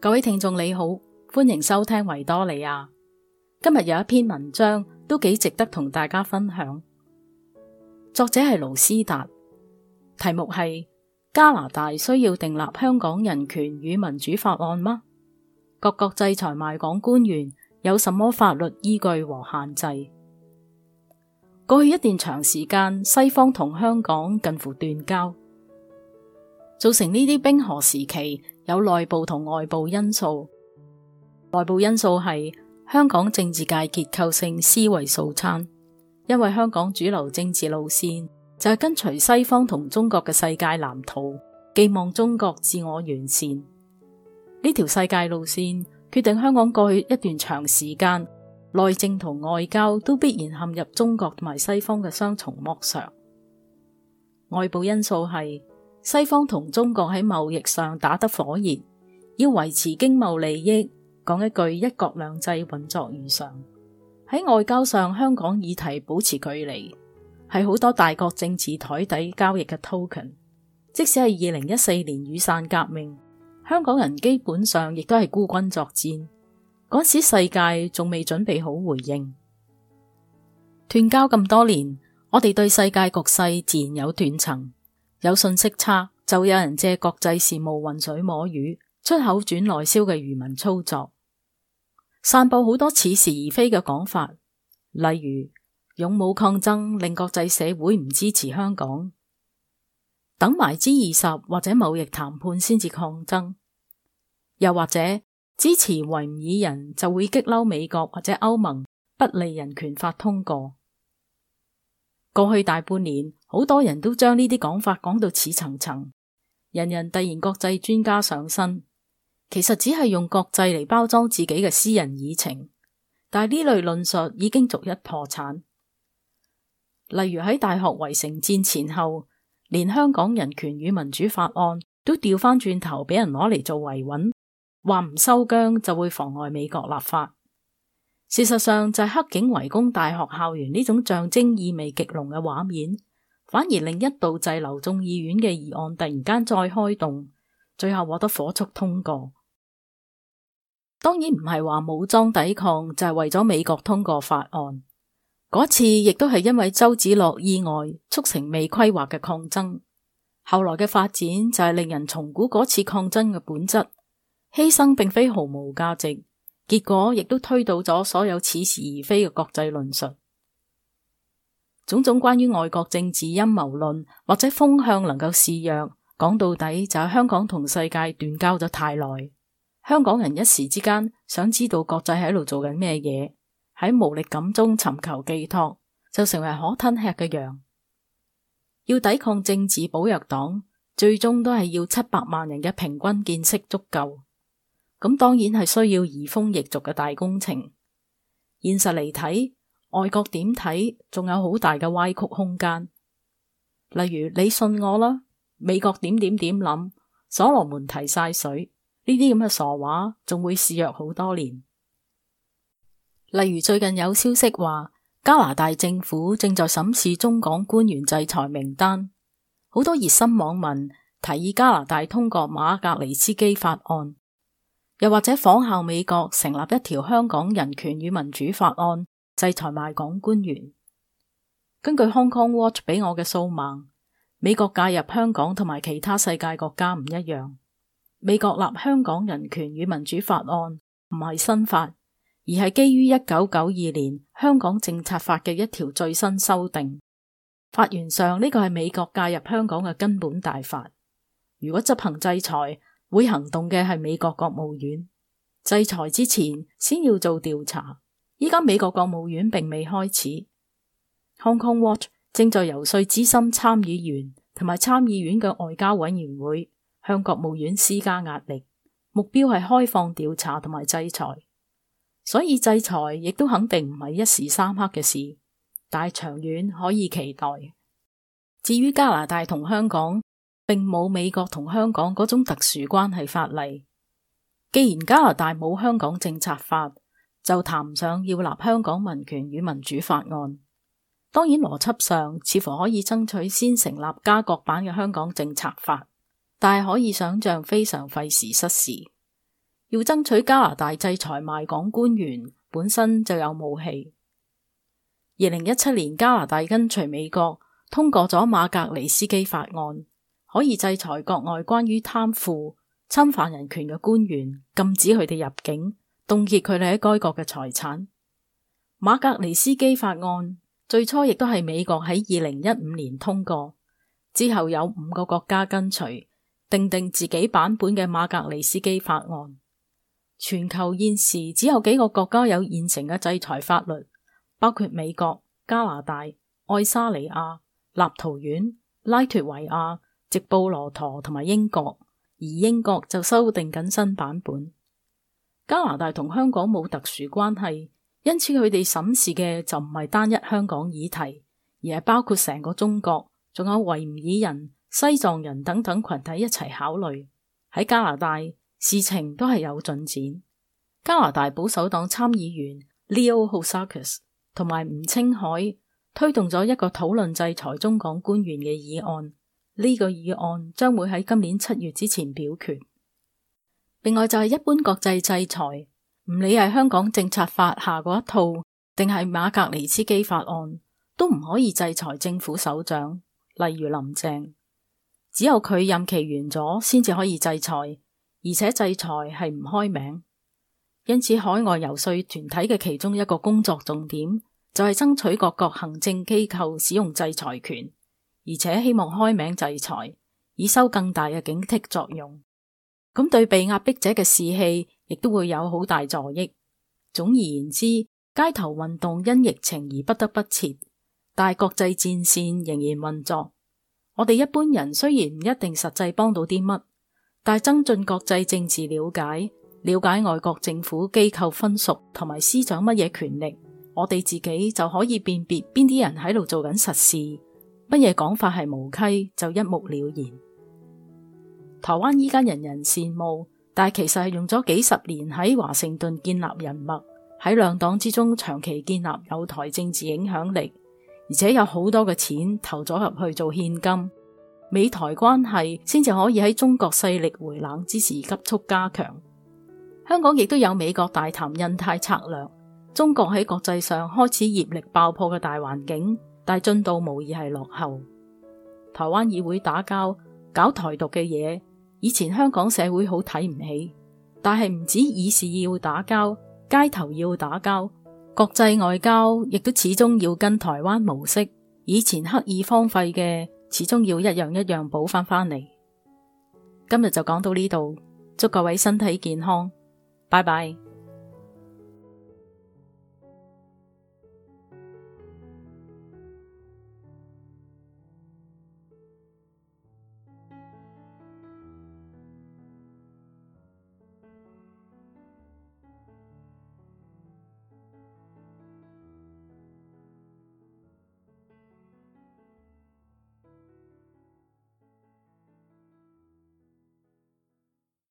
各位聽眾你好，歡迎收聽維多利亞。今日有一篇文章都幾值得同大家分享。作者係盧斯達，題目係加拿大需要訂立香港人權與民主法案嗎？各國制裁賣港官員有什麼法律依據和限制？過去一段長時間，西方同香港近乎斷交，造成呢啲冰河時期。有內部同外部因素。內部因素係香港政治界結構性思維素餐，因為香港主流政治路線就係跟隨西方同中國嘅世界藍圖，寄望中國自我完善。呢條世界路線決定香港過去一段長時間內政同外交都必然陷入中國同埋西方嘅雙重剝削。外部因素係。西方同中國喺貿易上打得火熱，要維持經貿利益，講一句一國兩制運作如常。喺外交上，香港議題保持距離，係好多大國政治台底交易嘅 token。即使係二零一四年雨傘革命，香港人基本上亦都係孤軍作戰，嗰時世界仲未準備好回應。斷交咁多年，我哋對世界局勢自然有斷層。有信息差，就有人借國際事務渾水摸魚，出口轉內銷嘅漁民操作，散布好多似是而非嘅講法，例如勇武抗爭令國際社會唔支持香港，等埋 G20 或者貿易談判先至抗爭，又或者支持維吾爾人就會激嬲美國或者歐盟，不利人權法通過。過去大半年，好多人都將呢啲講法講到似層層，人人突然國際專家上身，其實只係用國際嚟包裝自己嘅私人議程，但係呢類論述已經逐一破產。例如喺大學圍城戰前後，連香港人權與民主法案都調翻轉頭俾人攞嚟做維穩，話唔收薑就會妨礙美國立法。事實上就係黑警圍攻大學校園呢種象徵意味極濃嘅畫面，反而令一度滯留眾議院嘅議案突然間再開動，最後獲得火速通過。當然唔係話武裝抵抗就係為咗美國通過法案，嗰次亦都係因為周梓樂意外促成未規劃嘅抗爭。後來嘅發展就係令人重估嗰次抗爭嘅本質，犧牲並非毫無價值。結果亦都推倒咗所有似是而非嘅國際論述，種種關於外國政治陰謀論或者風向能夠示弱，講到底就係香港同世界斷交咗太耐，香港人一時之間想知道國際喺度做緊咩嘢，喺無力感中尋求寄託，就成為可吞吃嘅羊。要抵抗政治保弱黨，最終都係要七百萬人嘅平均見識足夠。咁當然係需要移風易俗嘅大工程。現實嚟睇，外國點睇，仲有好大嘅歪曲空間。例如，你信我啦，美國點點點諗，所羅門提晒水呢啲咁嘅傻話，仲會肆虐好多年。例如最近有消息話，加拿大政府正在審視中港官員制裁名單，好多熱心網民提議加拿大通過馬格尼茨基法案。又或者仿效美國成立一條香港人權與民主法案，制裁賣港官員。根據 Hong Kong Watch 俾我嘅數碼，美國介入香港同埋其他世界國家唔一樣。美國立香港人權與民主法案唔係新法，而係基於一九九二年香港政策法嘅一條最新修訂。法源上，呢個係美國介入香港嘅根本大法。如果執行制裁。會行動嘅係美國國務院，制裁之前先要做調查。依家美國國務院並未開始，Hong Kong Watch 正在遊說資深參議員同埋參議院嘅外交委員會向國務院施加壓力，目標係開放調查同埋制裁。所以制裁亦都肯定唔係一時三刻嘅事，但係長遠可以期待。至於加拿大同香港，並冇美國同香港嗰種特殊關係法例。既然加拿大冇香港政策法，就談唔上要立香港民權與民主法案。當然，邏輯上似乎可以爭取先成立加國版嘅香港政策法，但係可以想象非常費時失事。要爭取加拿大制裁賣港官員，本身就有武器。二零一七年，加拿大跟隨美國通過咗馬格尼斯基法案。可以制裁國外關於貪腐、侵犯人權嘅官員，禁止佢哋入境，凍結佢哋喺該國嘅財產。馬格尼斯基法案最初亦都係美國喺二零一五年通過，之後有五個國家跟隨，訂定自己版本嘅馬格尼斯基法案。全球現時只有幾個國家有現成嘅制裁法律，包括美國、加拿大、愛沙尼亞、立陶宛、拉脫維亞。直布羅陀同埋英國，而英國就修訂緊新版本。加拿大同香港冇特殊關係，因此佢哋審視嘅就唔係單一香港議題，而係包括成個中國，仲有維吾爾人、西藏人等等群體一齊考慮。喺加拿大，事情都係有進展。加拿大保守黨參議員 Leo Housakos 同埋吳青海推動咗一個討論制裁，裁中港官員嘅議案。呢個議案將會喺今年七月之前表決。另外就係一般國際制裁，唔理係香港政策法下嗰一套，定係馬格尼茨基法案，都唔可以制裁政府首長，例如林鄭，只有佢任期完咗先至可以制裁，而且制裁係唔開名。因此，海外遊說團體嘅其中一個工作重點就係爭取各國行政機構使用制裁權。而且希望開名制裁，以收更大嘅警惕作用。咁對被壓迫者嘅士氣，亦都會有好大助益。總而言之，街頭運動因疫情而不得不切，但國際戰線仍然運作。我哋一般人雖然唔一定實際幫到啲乜，但增進國際政治了解，了解外國政府機構分屬同埋司掌乜嘢權力，我哋自己就可以辨別邊啲人喺度做緊實事。乜嘢講法係無稽，就一目了然。台灣依家人人羨慕，但其實係用咗幾十年喺華盛頓建立人脈，喺兩黨之中長期建立有台政治影響力，而且有好多嘅錢投咗入去做獻金，美台關係先至可以喺中國勢力回冷之時急速加強。香港亦都有美國大談印太策略、中國喺國際上開始業力爆破嘅大環境。但係進度無疑係落後。台灣議會打交，搞台獨嘅嘢，以前香港社會好睇唔起，但係唔止議事要打交，街頭要打交，國際外交亦都始終要跟台灣模式。以前刻意荒廢嘅，始終要一樣一樣補翻翻嚟。今日就講到呢度，祝各位身體健康，拜拜。